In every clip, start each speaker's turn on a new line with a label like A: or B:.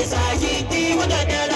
A: What I wadadar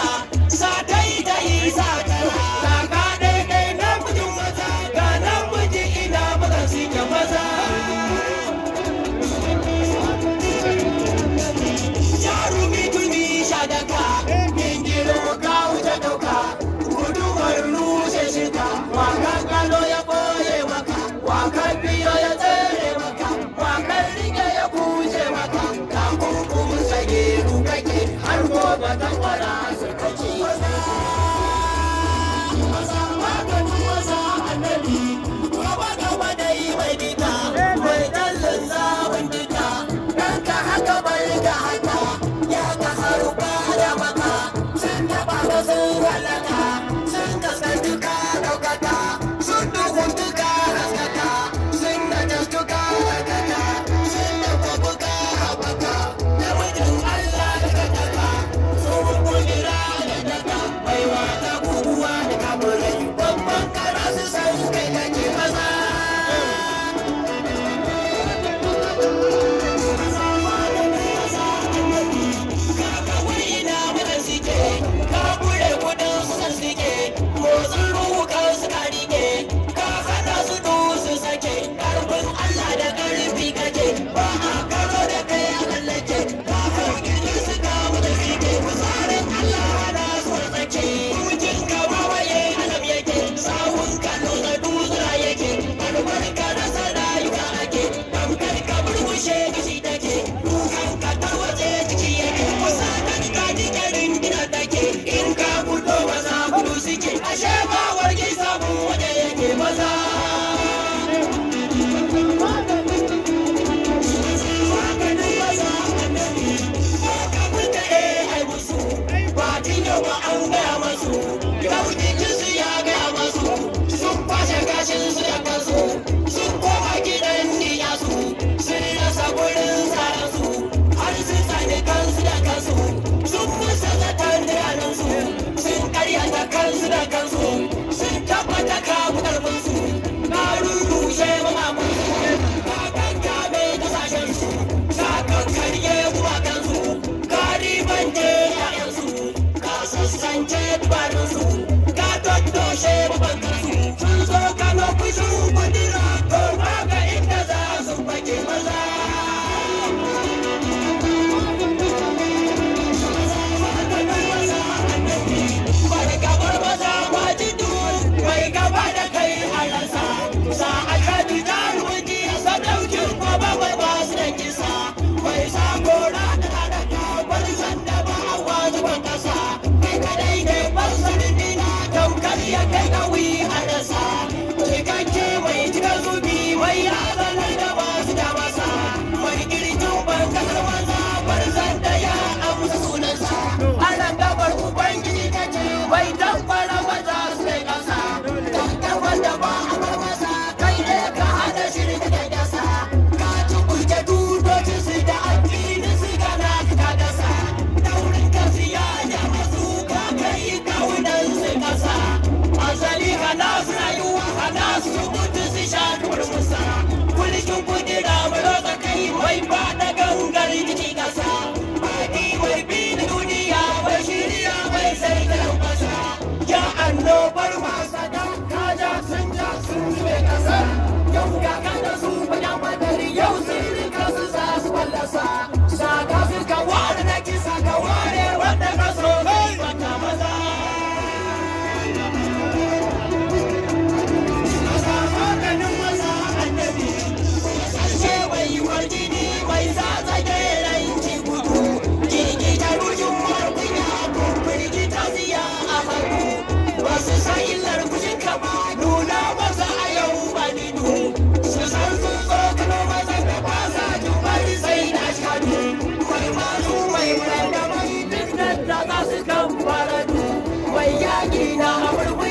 A: zagi na a